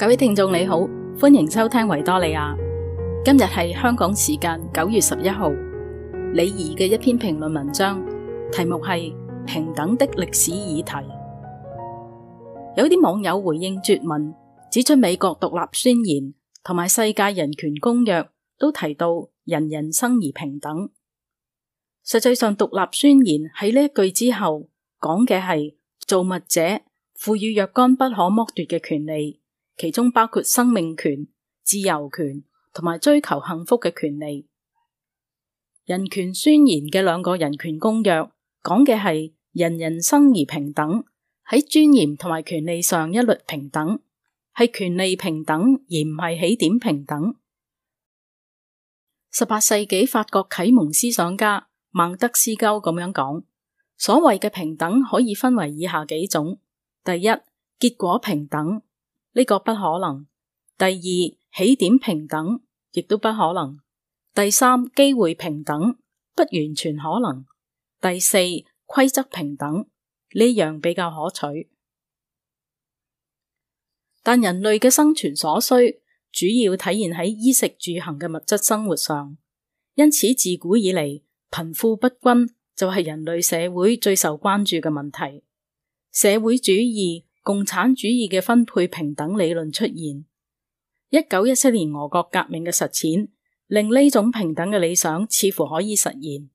各位聽眾你好，歡迎收聽維多利亞。今日係香港時間九月十一號，李怡嘅一篇評論文章，題目係平等的歷史議題。有啲網友回應拙文，指出美國獨立宣言同埋世界人權公約都提到人人生而平等。實際上，獨立宣言喺呢一句之後講嘅係造物者賦予若干不可剝奪嘅權利。其中包括生命權、自由權同埋追求幸福嘅權利。人權宣言嘅兩個人權公約講嘅係人人生而平等，喺尊嚴同埋權利上一律平等，係權利平等而唔係起點平等。十八世紀法國啟蒙思想家孟德斯鳩咁樣講：所謂嘅平等可以分為以下幾種，第一，結果平等。呢個不可能。第二，起點平等亦都不可能。第三，機會平等不完全可能。第四，規則平等呢樣、這個、比較可取。但人類嘅生存所需主要體現喺衣食住行嘅物質生活上，因此自古以嚟貧富不均就係人類社會最受關注嘅問題。社會主義。共產主義嘅分配平等理論出現，一九一七年俄國革命嘅實踐令呢種平等嘅理想似乎可以實現。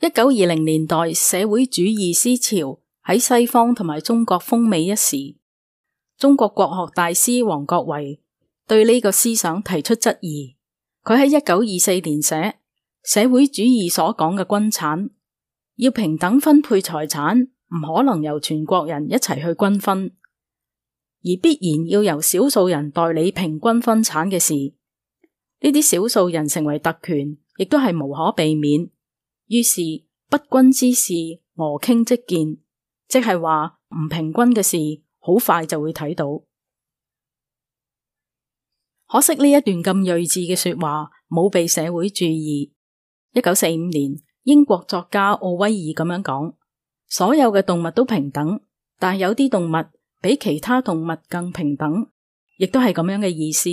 一九二零年代社會主義思潮喺西方同埋中國風靡一時，中國國學大師王國維對呢個思想提出質疑。佢喺一九二四年寫《社會主義所講嘅均產，要平等分配財產》。唔可能由全國人一齊去均分，而必然要由少數人代理平均分產嘅事，呢啲少數人成為特權，亦都係無可避免。於是不均之事，俄傾即見，即係話唔平均嘅事，好快就會睇到。可惜呢一段咁睿智嘅說話，冇被社會注意。一九四五年，英國作家奧威爾咁樣講。所有嘅動物都平等，但係有啲動物比其他動物更平等，亦都係咁樣嘅意思。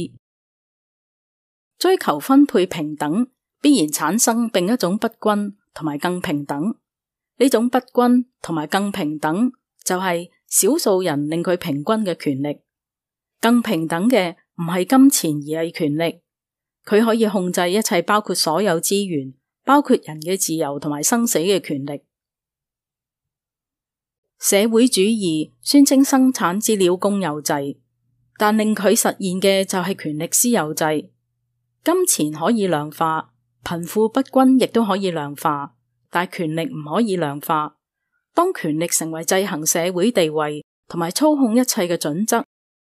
追求分配平等，必然產生另一種不均同埋更平等。呢種不均同埋更平等，就係少數人令佢平均嘅權力。更平等嘅唔係金錢，而係權力。佢可以控制一切，包括所有資源，包括人嘅自由同埋生死嘅權力。社會主義宣稱生產資料公有制，但令佢實現嘅就係權力私有制。金錢可以量化，貧富不均亦都可以量化，但權力唔可以量化。當權力成為制衡社會地位同埋操控一切嘅準則，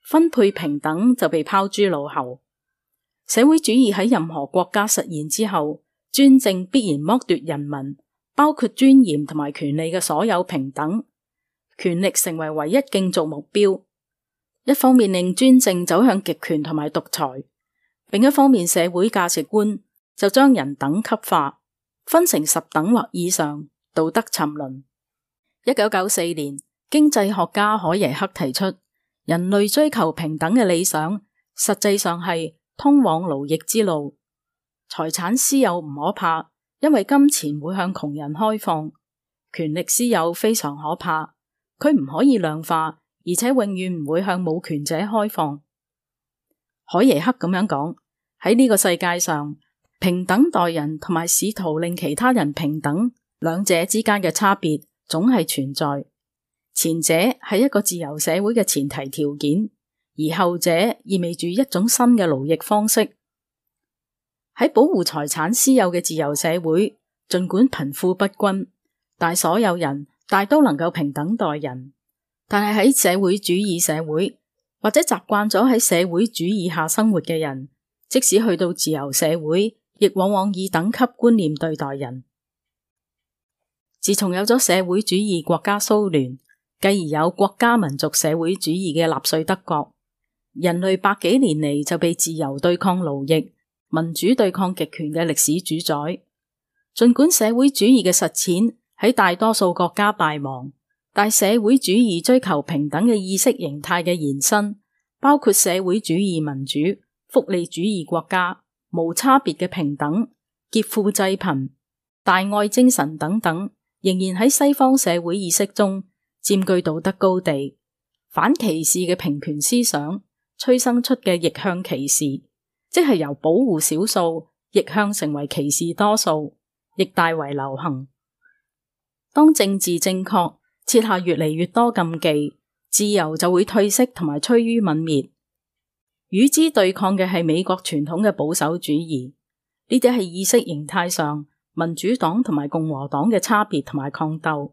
分配平等就被拋諸腦後。社會主義喺任何國家實現之後，專政必然剝奪人民，包括尊嚴同埋權利嘅所有平等。權力成為唯一競逐目標，一方面令專政走向極權同埋獨裁，另一方面社會價值觀就將人等級化，分成十等或以上，道德沉淪。一九九四年，經濟學家海耶克提出，人類追求平等嘅理想，實際上係通往奴役之路。財產私有唔可怕，因為金錢會向窮人開放；權力私有非常可怕。佢唔可以量化，而且永遠唔會向冇權者開放。海耶克咁樣講：喺呢個世界上，平等待人同埋試圖令其他人平等，兩者之間嘅差別總係存在。前者係一個自由社會嘅前提條件，而後者意味住一種新嘅勞役方式。喺保護財產私有嘅自由社會，儘管貧富不均，但所有人。大都能夠平等待人，但係喺社會主義社會或者習慣咗喺社會主義下生活嘅人，即使去到自由社會，亦往往以等級觀念對待人。自從有咗社會主義國家蘇聯，繼而有國家民族社會主義嘅納粹德國，人類百幾年嚟就被自由對抗奴役、民主對抗極權嘅歷史主宰，盡管社會主義嘅實踐。喺大多數國家敗亡，但社會主義追求平等嘅意識形態嘅延伸，包括社會主義民主、福利主義國家、無差別嘅平等、劫富濟貧、大愛精神等等，仍然喺西方社會意識中佔據道德高地。反歧視嘅平權思想催生出嘅逆向歧視，即係由保護少數逆向成為歧視多數，亦大為流行。當政治正確設下越嚟越多禁忌，自由就會退色同埋趨於泯滅。與之對抗嘅係美國傳統嘅保守主義，呢啲係意識形態上民主黨同埋共和黨嘅差別同埋抗鬥。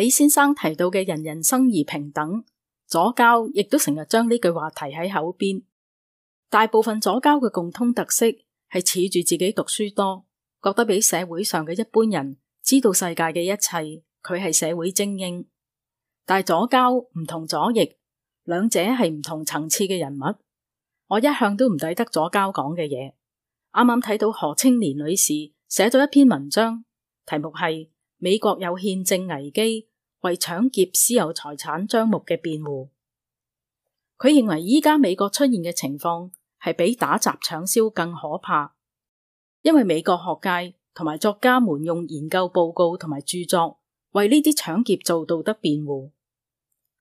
李先生提到嘅人人生而平等，左膠亦都成日將呢句話提喺口邊。大部分左膠嘅共通特色係恃住自己讀書多，覺得比社會上嘅一般人知道世界嘅一切，佢係社會精英。但係左膠唔同左翼，兩者係唔同層次嘅人物。我一向都唔抵得左膠講嘅嘢。啱啱睇到何青年女士寫咗一篇文章，題目係《美國有憲政危機》。為搶劫私有財產張目嘅辯護，佢認為依家美國出現嘅情況係比打砸搶燒更可怕，因為美國學界同埋作家們用研究報告同埋著作為呢啲搶劫做道德辯護。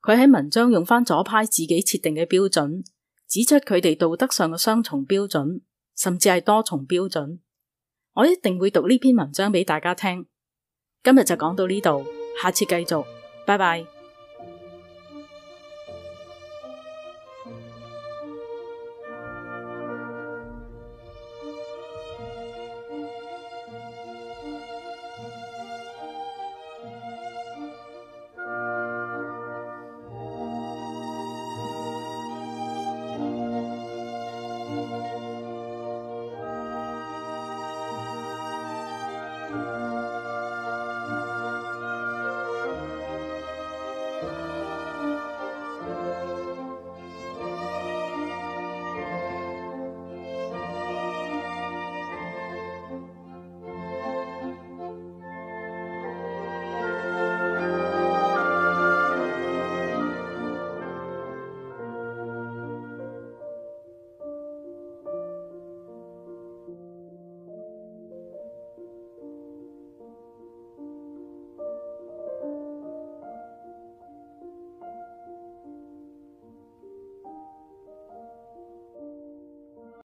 佢喺文章用翻左派自己設定嘅標準，指出佢哋道德上嘅雙重標準，甚至係多重標準。我一定會讀呢篇文章俾大家聽。今日就講到呢度。下次繼續，拜拜。